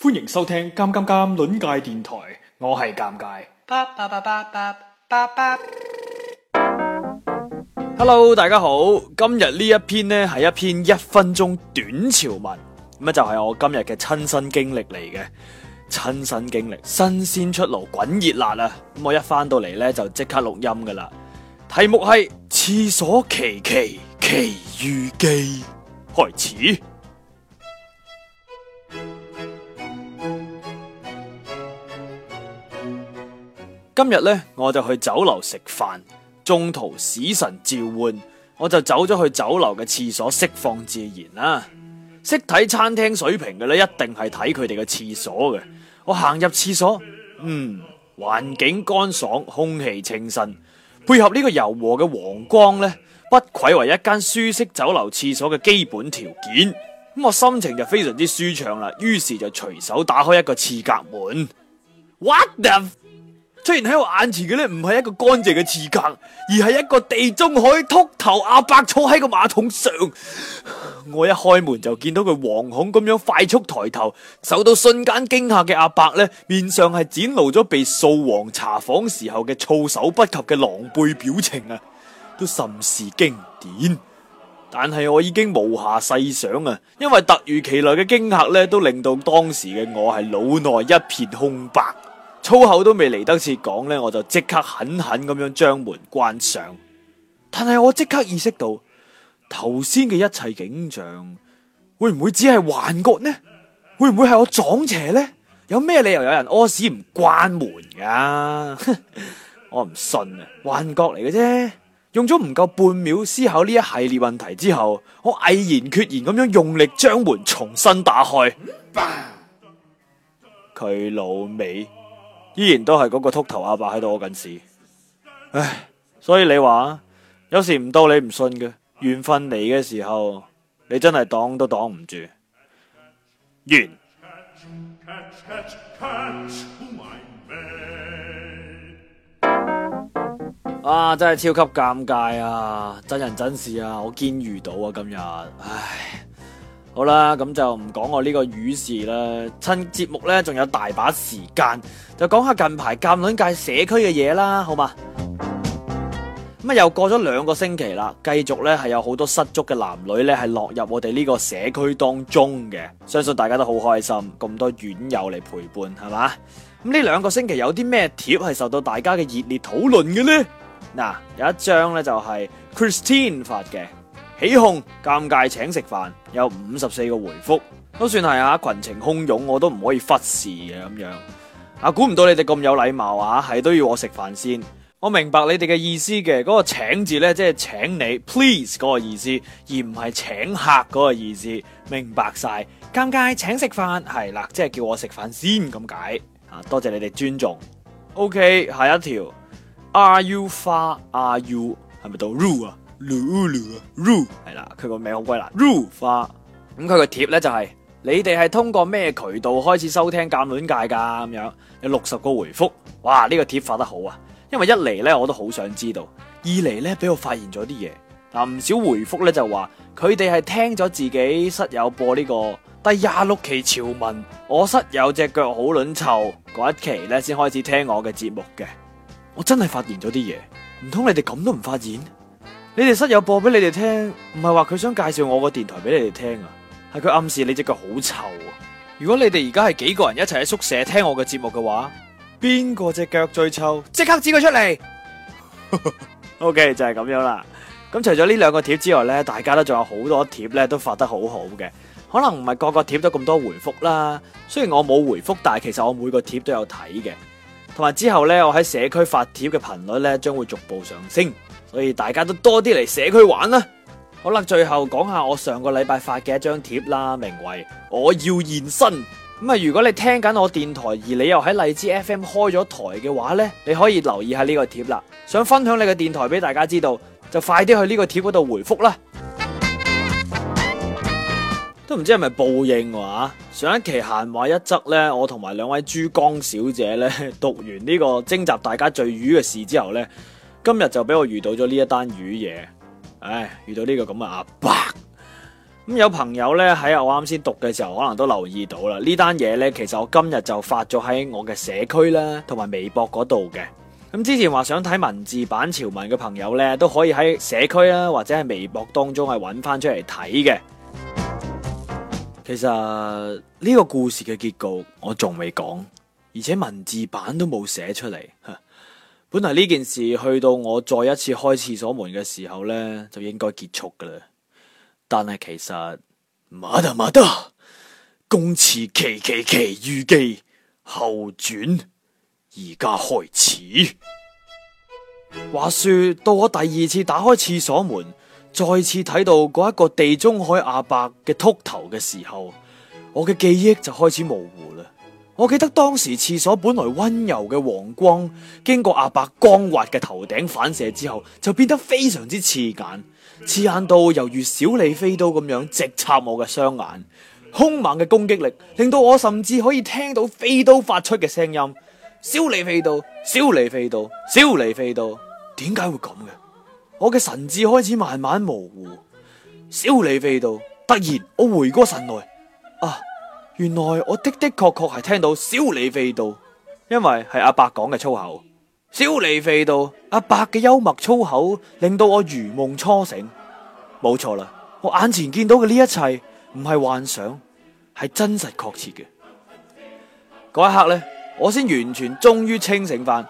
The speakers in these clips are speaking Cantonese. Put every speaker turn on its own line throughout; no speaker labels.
歡迎收聽《尷尷尷》尷界電台，我係尷尬。Hello，大家好，今日呢一篇呢係一篇一分鐘短潮文，咁就係我今日嘅親身經歷嚟嘅，親身經歷，新鮮出爐，滾熱辣喇！咁我一返到嚟呢，就即刻錄音噶啦，題目係廁所奇奇奇遇記，開始。今日咧，我就去酒樓食飯，中途使神召喚，我就走咗去酒樓嘅廁所釋放自然啦、啊。識睇餐廳水平嘅咧，一定係睇佢哋嘅廁所嘅。我行入廁所，嗯，環境乾爽，空氣清新，配合呢個柔和嘅黃光呢，不愧為一間舒適酒樓廁所嘅基本條件。咁、嗯、我心情就非常之舒暢啦，於是就隨手打開一個廁格門。What the？雖然喺我眼前嘅咧唔係一個乾淨嘅廁格，而係一個地中海禿頭阿伯坐喺個馬桶上。 我一開門就見到佢惶恐咁樣快速抬頭，受到瞬間驚嚇嘅阿伯呢，面上係展露咗被掃黃查訪時候嘅措手不及嘅狼狽表情啊，都甚是經典。但係我已經無暇細想啊，因為突如其來嘅驚嚇呢都令到當時嘅我係腦內一片空白。粗口都未嚟得切講呢，我就即刻狠狠咁樣將門關上。但係我即刻意識到頭先嘅一切景象會唔會只係幻覺呢？會唔會係我撞邪呢？有咩理由有人屙屎唔關門噶？ 我唔信啊！幻覺嚟嘅啫。用咗唔夠半秒思考呢一系列問題之後，我毅然決然咁樣用力將門重新打開。佢 老尾。依然都係嗰個禿頭阿伯喺度屙緊屎，唉！所以你話有時唔到你唔信嘅，緣分嚟嘅時候，你真係擋都擋唔住。完。啊，真係超級尷尬啊！真人真事啊，我堅遇到啊，今日，唉。好啦，咁就唔講我呢個瘀事啦。趁節目呢仲有大把時間，就講下近排鑑卵界社區嘅嘢啦，好嘛？咁啊， 又過咗兩個星期啦，繼續呢係有好多失足嘅男女呢係落入我哋呢個社區當中嘅，相信大家都好開心，咁多院友嚟陪伴，係嘛？咁呢兩個星期有啲咩貼係受到大家嘅熱烈討論嘅呢？嗱，有一張呢就係、是、Christine 發嘅。起哄，尷尬請食飯，有五十四個回復，都算係啊，群情洶湧，我都唔可以忽視嘅咁樣。啊，估唔到你哋咁有禮貌啊，係都要我食飯先。我明白你哋嘅意思嘅，嗰、嗰個請字呢，即係請你，please 嗰個意思，而唔係請客嗰個意思，明白晒？尷尬請食飯，係啦，即係叫我食飯先咁解。啊，多謝你哋尊重。OK，下一條，Are you far？Are you 係咪到 r u 啊？魯魯啊，魯係啦，佢個名好鬼難。魯花咁佢個貼咧就係、是、你哋係通過咩渠道開始收聽鑒卵界噶咁樣有六十個回覆，哇呢、這個貼發得好啊！因為一嚟咧我都好想知道，二嚟咧俾我發現咗啲嘢嗱，唔少回覆咧就話佢哋係聽咗自己室友播呢個第廿六期潮文，我室友隻腳好卵臭嗰一期咧先開始聽我嘅節目嘅，我真係發現咗啲嘢，唔通你哋咁都唔發現？你哋室友播俾你哋聽，唔係話佢想介紹我個電台俾你哋聽啊，係佢暗示你隻腳好臭啊！如果你哋而家係幾個人一齊喺宿舍聽我嘅節目嘅話，邊個隻腳最臭，即刻指佢出嚟。 OK，就係咁樣啦。咁除咗呢兩個貼之外呢，大家都仲有好多貼呢都發得好好嘅，可能唔係個個貼都咁多回覆啦。雖然我冇回覆，但係其實我每個貼都有睇嘅。同埋之後呢，我喺社區發貼嘅頻率呢將會逐步上升。所以大家都多啲嚟社區玩啦，好啦，最後講下我上個禮拜發嘅一張貼啦，名為我要現身。咁啊，如果你聽緊我電台，而你又喺荔枝 FM 開咗台嘅話呢，你可以留意下呢個貼啦。想分享你嘅電台俾大家知道，就快啲去呢個貼嗰度回覆啦。 都唔知係咪報應話、啊？上一期閒話一則呢，我同埋兩位珠江小姐呢，讀完呢個徵集大家聚魚嘅事之後呢。今日就俾我遇到咗呢一單魚嘢，唉，遇到呢個咁嘅阿伯。咁、呃、有朋友呢喺我啱先讀嘅時候，可能都留意到啦。呢單嘢呢，其實我今日就發咗喺我嘅社區啦，同埋微博嗰度嘅。咁之前話想睇文字版潮文嘅朋友呢，都可以喺社區啦，或者係微博當中係揾翻出嚟睇嘅。其實呢個故事嘅結局我仲未講，而且文字版都冇寫出嚟。本來呢件事去到我再一次開廁所門嘅時候呢，就應該結束噶啦，但係其實，馬達馬達，公廁奇奇奇遇記後轉而家開始。話說到我第二次打開廁所門，再次睇到嗰一個地中海阿伯嘅禿頭嘅時候，我嘅記憶就開始模糊啦。我記得當時廁所本來溫柔嘅黃光，經過阿伯光滑嘅頭頂反射之後，就變得非常之刺眼，刺眼到猶如小李飛刀咁樣直插我嘅雙眼。凶猛嘅攻擊力令到我甚至可以聽到飛刀發出嘅聲音。小李飛刀，小李飛刀，小李飛刀，點解會咁嘅？我嘅神智開始慢慢模糊。小李飛刀！突然，我回過神來，啊！原來我的的確確係聽到小李飛刀，因為係阿伯講嘅粗口。小李飛刀，阿伯嘅幽默粗口令到我如夢初醒。冇錯啦，我眼前見到嘅呢一切唔係幻想，係真實確切嘅。嗰一刻呢，我先完全終於清醒翻，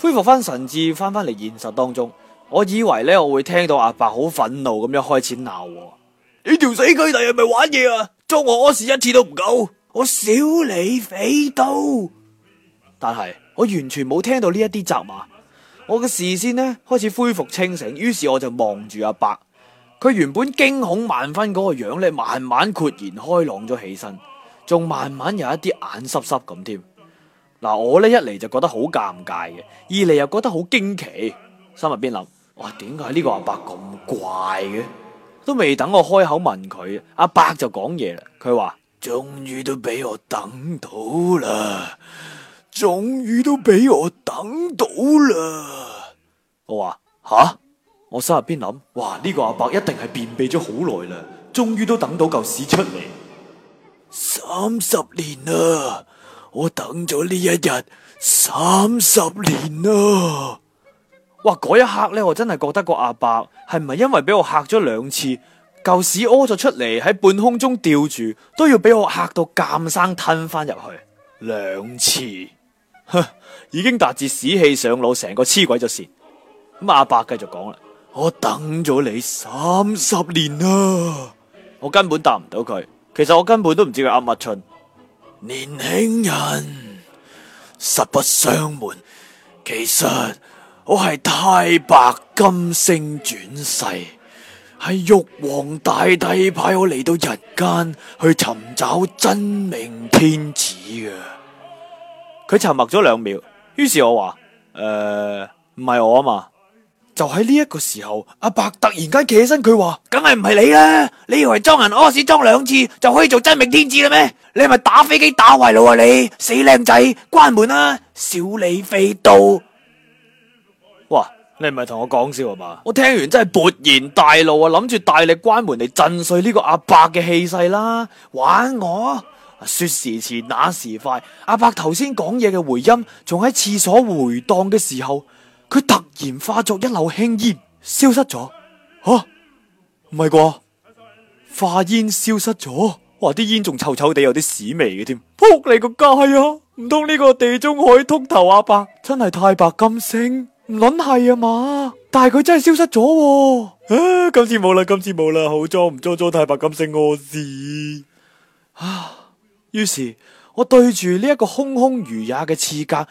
恢復翻神智，翻返嚟現實當中。我以為呢，我會聽到阿伯好憤怒咁樣開始鬧我，你條死鬼弟係咪玩嘢啊？捉我嗰時一次都唔夠，我小你匪刀。但係我完全冇聽到呢一啲責罵，我嘅視線呢，開始恢復清醒。於是我就望住阿伯，佢原本驚恐萬分嗰個樣呢，慢慢豁然開朗咗起身，仲慢慢有一啲眼濕濕咁添。嗱，我呢一嚟，就覺得好尷尬嘅，二嚟又覺得好驚奇，心入邊諗：哇，點解呢個阿伯咁怪嘅？都未等我開口問佢，阿伯就講嘢啦。佢話：終於都俾我等到啦，終於都俾我等到啦。我話：吓，我心入邊諗，哇，呢個阿伯一定係便秘咗好耐啦，終於都等到嚿屎出嚟。三十年啦，我等咗呢一日，三十年啦。哇！嗰一刻咧，我真係覺得個阿伯係唔係因為俾我嚇咗兩次，舊屎屙咗出嚟喺半空中吊住，都要俾我嚇到監生吞翻入去兩次，哼，已經達至屎氣上腦，成個黐鬼咗線。咁阿伯繼續講啦，我等咗你三十年啦，我根本答唔到佢。其實我根本都唔知佢噏乜春。年輕人，實不相瞞，其實。我係太白金星轉世，係玉皇大帝派我嚟到人間去尋找真命天子嘅。佢沉默咗兩秒，於是我話：，誒、呃，唔係我啊嘛。就喺呢一個時候，阿伯突然間企起身，佢話：，梗係唔係你啦！你以為裝人屙、呃、屎裝兩次就可以做真命天子啦咩？你係咪打飛機打壞腦啊？你死靚仔，關門啦、啊！小李飛刀。哇！你唔係同我講笑嘛？我聽完真係勃然大怒啊，諗住大力關門嚟震碎呢個阿伯嘅氣勢啦。玩我啊！說時遲，那時快，阿伯頭先講嘢嘅回音仲喺廁所回盪嘅時候，佢突然化作一縷輕煙消失咗。吓、啊，唔係啩？化煙消失咗，話啲煙仲臭臭地，有啲屎味嘅添。撲你個街啊！唔通呢個地中海禿頭阿伯真係太白金星？唔撚係啊嘛，但係佢真係消失咗、啊啊。今次冇啦，今次冇啦，好裝唔裝裝，裝太白金星屙屎啊！於是我對住呢一個空空如也嘅廁格呆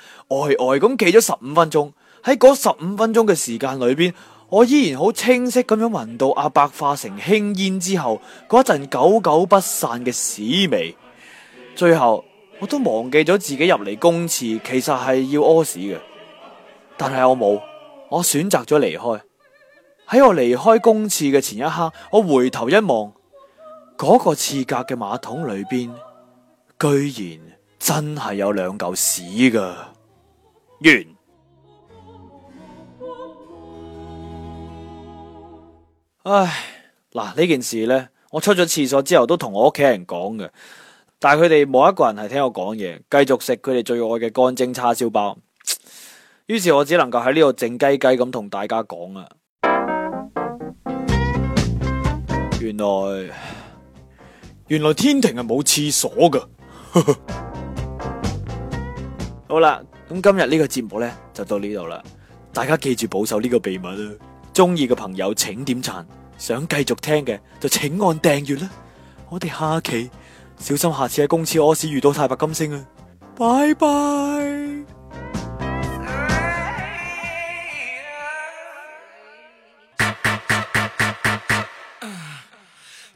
呆咁企咗十五分鐘。喺嗰十五分鐘嘅時間裏邊，我依然好清晰咁樣聞到阿伯化成輕煙之後嗰陣久久不散嘅屎味。最後，我都忘記咗自己入嚟公廁其實係要屙屎嘅。但係我冇，我選擇咗離開。喺我離開公廁嘅前一刻，我回頭一望，嗰個廁格嘅馬桶裏邊，居然真係有兩嚿屎噶。完。唉，嗱呢件事呢，我出咗廁所之後都同我屋企人講嘅，但係佢哋冇一個人係聽我講嘢，繼續食佢哋最愛嘅乾蒸叉燒包。於是我只能夠喺呢度靜雞雞咁同大家講啊，原來原來天庭係冇廁所噶。呵呵。好啦，咁今日呢個節目呢就到呢度啦，大家記住保守呢個秘密啊！中意嘅朋友請點讚，想繼續聽嘅就請按訂閱啦。我哋下期小心下次喺公廁屙屎遇到太白金星啊！
拜拜。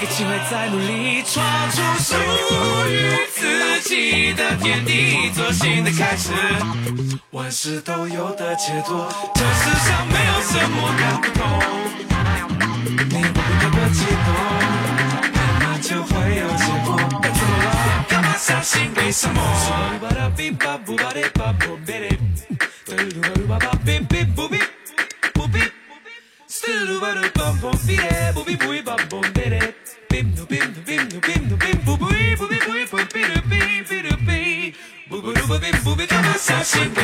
一起會在努力，闖出屬於自己的天地，做新的開始，萬事都有的解脱。這世上沒有什麼難懂，你不必那麼激動，那就不要做夢。做什麼，啊？幹嘛相信為什麼？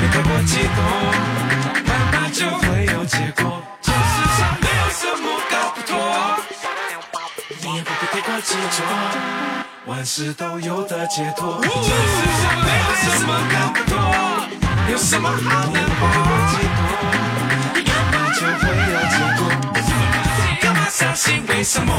別太過激動，慢慢就會有結果？這世上沒有什麼搞不脱。你也不必太過執着，萬事都有得解脱。這世上沒有什麼搞不脱，有什麼好難過？別太過激動，慢慢就會有結果？幹嘛傷心為什麼？